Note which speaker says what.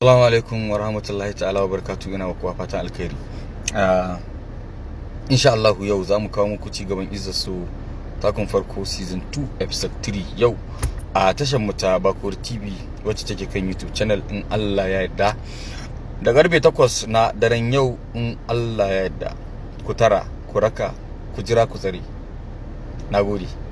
Speaker 1: Assalamu alaikum wa rahmatullahi ta'ala wa barakatuhu ina kuwa fatan alkhairi. Ah, insha Allah yau za mu kawo muku cigaban izza su takun farko season 2 episode 3 yau a tashar mu ta Bakur TV wacce take kan YouTube channel in Allah ya yarda. Da garbe 8 na daren yau in Allah ya yarda. Ku tara, ku raka, ku jira ku tsare. Nagode.